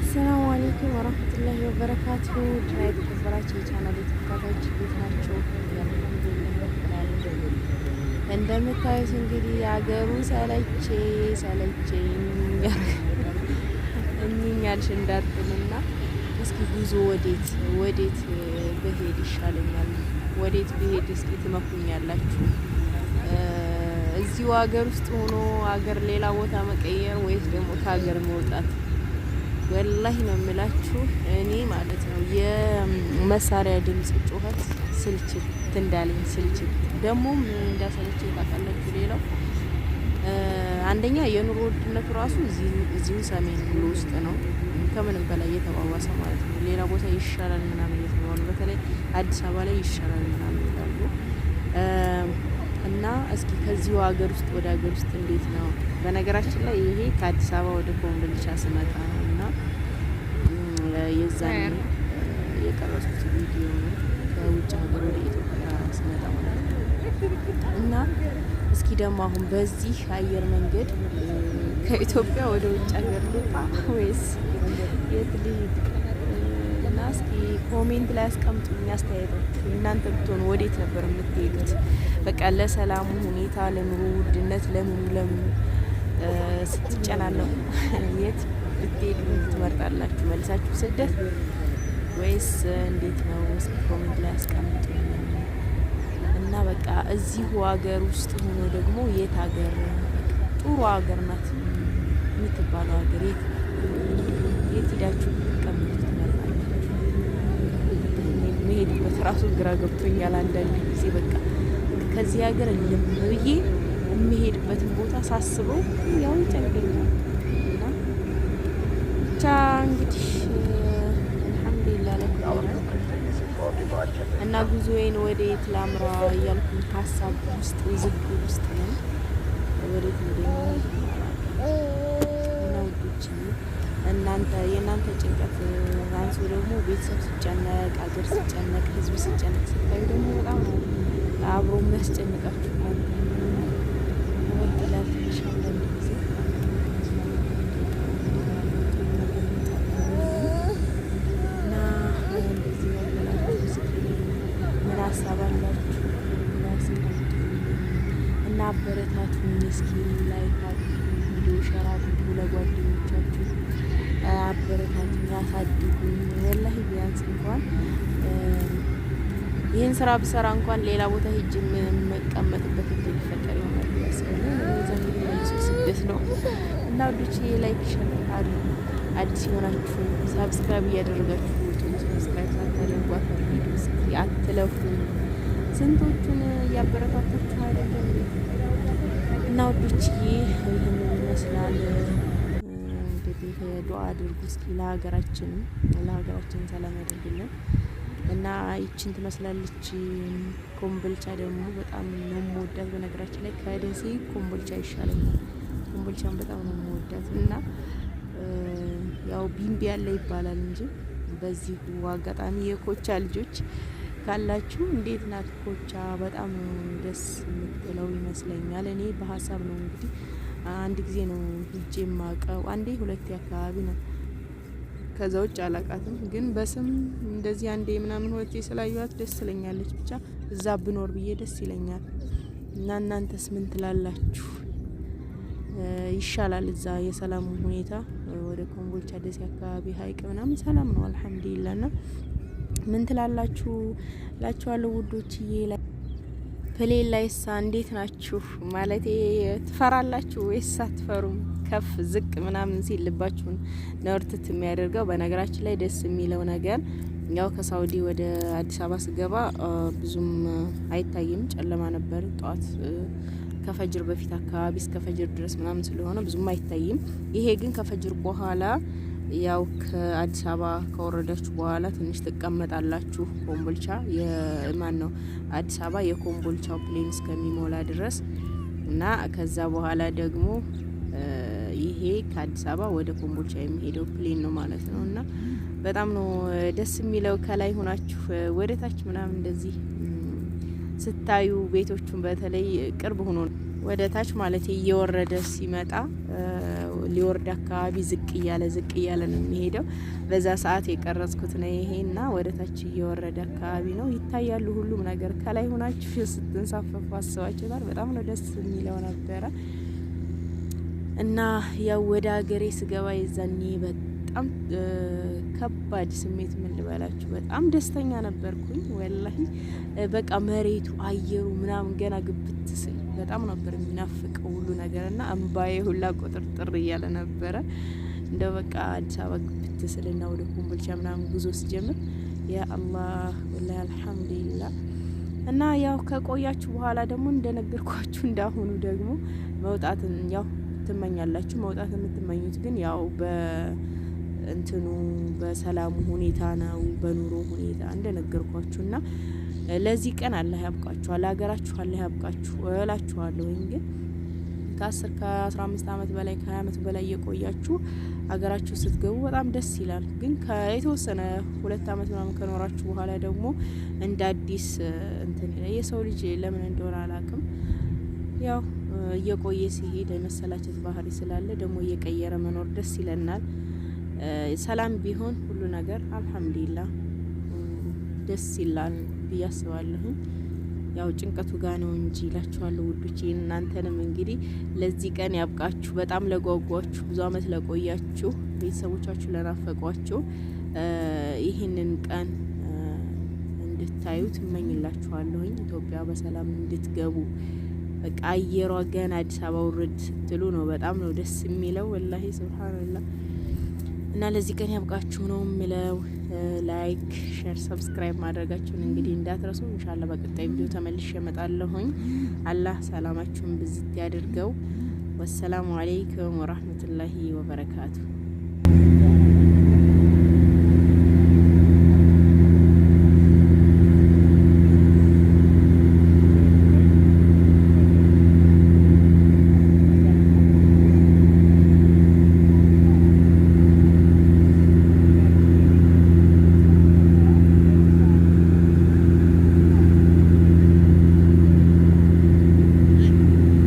አሰላሙ አሌይኩም ወረህመቱላሂ ወበረካቱ ድና የተከበራችሁ የቻናል የተከታታዮች ቤት ናቸው። እንደምታዩት እንግዲህ የሀገሩ ሰለቼ ሰለቼ እኝኛልሽ እንዳትልና እስኪ ጉዞ ወዴት ወዴት ብሄድ ይሻለኛል፣ ወዴት ብሄድ እስኪ ትመኩኛላችሁ? እዚሁ ሀገር ውስጥ ሆኖ ሀገር ሌላ ቦታ መቀየር ወይስ ደግሞ ከሀገር መውጣት ወላሂ ነው የምላችሁ እኔ ማለት ነው የመሳሪያ ድምጽ ጩኸት ስልችል ትንዳለኝ ስልችል ደግሞ እንዳሰለች ታውቃላችሁ። ሌላው አንደኛ የኑሮ ውድነቱ ራሱ እዚሁ ሰሜን ብሎ ውስጥ ነው ከምንም በላይ የተባባሰ ማለት ነው። ሌላ ቦታ ይሻላል ምናምን እየተባሉ በተለይ አዲስ አበባ ላይ ይሻላል ምናምን ይላሉ። እና እስኪ ከዚሁ ሀገር ውስጥ ወደ ሀገር ውስጥ እንዴት ነው? በነገራችን ላይ ይሄ ከአዲስ አበባ ወደ ኮምቦልቻ ስመጣ የዛን የቀረጹት ቪዲዮ ከውጭ ሀገር ወደ ኢትዮጵያ ስመጣ ማለት ነው። እና እስኪ ደግሞ አሁን በዚህ አየር መንገድ ከኢትዮጵያ ወደ ውጭ ሀገር ልውጣ ወይስ የት ልሂድ? እና እስኪ ኮሜንት ላይ አስቀምጡ አስተያየታችሁ። እናንተ ብትሆኑ ወዴት ነበር የምትሄዱት? በቃ ለሰላሙ ሁኔታ፣ ለኑሮ ውድነት፣ ለምኑ ለምኑ ስትጨናነቁ የት ብትሄዱ ትመርጣላችሁ? መልሳችሁ ስደት ወይስ እንዴት ነው? እስኪ ኮሜንት ላይ አስቀምጡ። እና በቃ እዚሁ ሀገር ውስጥ ሆኖ ደግሞ የት ሀገር ጥሩ ሀገር ናት የምትባለው ሀገር የት የት ሂዳችሁ ብትቀምጡ ትመርጣላችሁ? መሄድበት ራሱ ግራ ገብቶኛል አንዳንድ ጊዜ በቃ ከዚህ ሀገር ልም ብዬ የምሄድበትን ቦታ ሳስበው ያው ይጨንቀኛል። ብቻ እንግዲህ አልሐምዱሊላህ እና ጉዞዬን ወደ ላምራ እያልኩኝ ሀሳብ ውስጥ ውዝግ ውስጥ ነው። ወዴት እንደሚሆን ውዶች እናንተ የእናንተ ጭንቀት አንሶ ደግሞ ቤተሰብ ሲጨነቅ፣ አገር ሲጨነቅ፣ ህዝብ ሲጨነቅ ስታዩ ደግሞ በጣም አብሮ የሚያስጨንቃችሁ ማለት ነው። ሀሳብ አላችሁ እና አበረታቱኝ። ምስኪን ላይ አድርጉ፣ ቪዲዮ ሸር አድርጉ ለጓደኞቻችሁ አበረታቱኝ፣ ያሳድጉኝ። ወላሂ ቢያንስ እንኳን ይህን ስራ ብሰራ እንኳን ሌላ ቦታ ሄጅ የምቀመጥበት እንደ ይፈጠር ይሆናል ያስበለ ስደት ነው እና ወዶች ላይክ ሸር አድርጉ። አዲስ የሆናችሁ ሳብስክራይብ እያደረጋችሁ ወደጓ ፈልጊ እስኪ አትለፉ። ስንቶቹን እያበረታታችሁ አይደለም እና ወዶችዬ፣ ይህን ይመስላል እንግዲህ ዱአ አድርጉ እስኪ ለሀገራችንም ለሀገራችን ሰላም ያደርግልን እና ይችን ትመስላለች። ኮምቦልቻ ደግሞ በጣም ነው የምወዳት። በነገራችን ላይ ከደሴ ኮምቦልቻ ይሻለኛል። ኮምቦልቻን በጣም ነው የምወዳት እና ያው ቢምቢ ያለ ይባላል እንጂ በዚህ አጋጣሚ የኮቻ ልጆች ካላችሁ እንዴት ናት ኮቻ? በጣም ደስ የምትለው ይመስለኛል። እኔ በሀሳብ ነው እንግዲህ አንድ ጊዜ ነው ሂጄ የማውቀው፣ አንዴ ሁለቴ አካባቢ ነው። ከዛ ውጭ አላቃትም ግን በስም እንደዚህ አንዴ ምናምን ሁለቴ ስላዩት ደስ ትለኛለች። ብቻ እዛ ብኖር ብዬ ደስ ይለኛል። እና እናንተስ ምን ትላላችሁ? ይሻላል እዛ የሰላሙ ሁኔታ ወደ ኮምቦልቻ ደሴ አካባቢ ሀይቅ ምናምን ሰላም ነው አልሐምዱሊላ። ና ምን ትላላችሁ ላችኋለሁ ውዶችዬ። ፕሌን ላይሳ እንዴት ናችሁ? ማለት ትፈራላችሁ ወይስ አትፈሩም? ከፍ ዝቅ ምናምን ሲል ልባችሁን ነርትት የሚያደርገው በነገራችን ላይ ደስ የሚለው ነገር ያው ከሳውዲ ወደ አዲስ አበባ ስገባ ብዙም አይታይም፣ ጨለማ ነበር ጠዋት ከፈጅር በፊት አካባቢ እስከ ፈጅር ድረስ ምናምን ስለሆነ ብዙም አይታይም። ይሄ ግን ከፈጅር በኋላ ያው ከአዲስ አበባ ከወረዳችሁ በኋላ ትንሽ ትቀመጣላችሁ። ኮምቦልቻ የማን ነው አዲስ አበባ የኮምቦልቻው ፕሌን እስከሚሞላ ድረስ እና ከዛ በኋላ ደግሞ ይሄ ከአዲስ አበባ ወደ ኮምቦልቻ የሚሄደው ፕሌን ነው ማለት ነው። እና በጣም ነው ደስ የሚለው ከላይ ሆናችሁ ወደታች ምናምን እንደዚህ ስታዩ ቤቶቹን በተለይ ቅርብ ሆኖ ወደ ታች ማለት እየወረደ ሲመጣ ሊወርድ አካባቢ ዝቅ እያለ ዝቅ እያለ ነው የሚሄደው። በዛ ሰዓት የቀረጽኩት ነው ይሄና፣ ወደ ታች እየወረደ አካባቢ ነው ይታያሉ። ሁሉም ነገር ከላይ ሆናችሁ ስትንሳፈፉ አስባችኋል። በጣም ነው ደስ የሚለው ነበረ እና ያው ወደ ሀገሬ ስገባ የዛኔ በቃ በጣም ከባድ ስሜት ምን ልበላችሁ፣ በጣም ደስተኛ ነበርኩኝ። ወላሂ በቃ መሬቱ፣ አየሩ ምናምን ገና ግብት ስል በጣም ነበር የሚናፍቀው ሁሉ ነገር እና እምባዬ ሁላ ቁጥርጥር እያለ ነበረ። እንደ በቃ አዲስ አበባ ግብት ስል እና ወደ ኮምቦልቻ ምናምን ጉዞ ስጀምር ያ አላህ ወላሂ አልሐምዱሊላህ እና ያው ከቆያችሁ በኋላ ደግሞ እንደነገርኳችሁ እንዳሁኑ ደግሞ መውጣትን ያው ትመኛላችሁ። መውጣት የምትመኙት ግን ያው በ እንትኑ በሰላሙ ሁኔታ ነው፣ በኑሮ ሁኔታ እንደነገርኳችሁ እና ለዚህ ቀን አላህ ያብቃችሁ፣ ለሀገራችሁ አላህ ያብቃችሁ እላችኋለሁ። ግን ከአስር ከአስራ አምስት አመት በላይ ከሀያ አመት በላይ የቆያችሁ ሀገራችሁ ስትገቡ በጣም ደስ ይላል። ግን የተወሰነ ሁለት አመት ምናምን ከኖራችሁ በኋላ ደግሞ እንደ አዲስ እንትን የሰው ልጅ ለምን እንደሆነ አላውቅም ያው እየቆየ ሲሄድ የመሰላቸት ባህሪ ስላለ ደግሞ እየቀየረ መኖር ደስ ይለናል። ሰላም ቢሆን ሁሉ ነገር አልሐምዱሊላ ደስ ይላል ብዬ አስባለሁ። ያው ጭንቀቱ ጋ ነው እንጂ ይላችኋለሁ ውዶቼ። እናንተንም እንግዲህ ለዚህ ቀን ያብቃችሁ። በጣም ለጓጓችሁ፣ ብዙ አመት ለቆያችሁ፣ ቤተሰቦቻችሁ ለናፈቋችሁ ይህንን ቀን እንድታዩት እመኝላችኋለሁኝ። ኢትዮጵያ በሰላም እንድትገቡ በቃ አየሯ ገና አዲስ አበባ ውርድ ስትሉ ነው። በጣም ነው ደስ የሚለው ወላሂ ስብሓንላህ። እና ለዚህ ቀን ያብቃችሁ ነው የምለው። ላይክ፣ ሼር፣ ሰብስክራይብ ማድረጋችሁን እንግዲህ እንዳትረሱ። ኢንሻአላህ በቀጣይ ቪዲዮ ተመልሼ እመጣለሁኝ። አላህ ሰላማችሁን ብዝት ያድርገው። ወሰላሙ አለይኩም ወራህመቱላሂ ወበረካቱ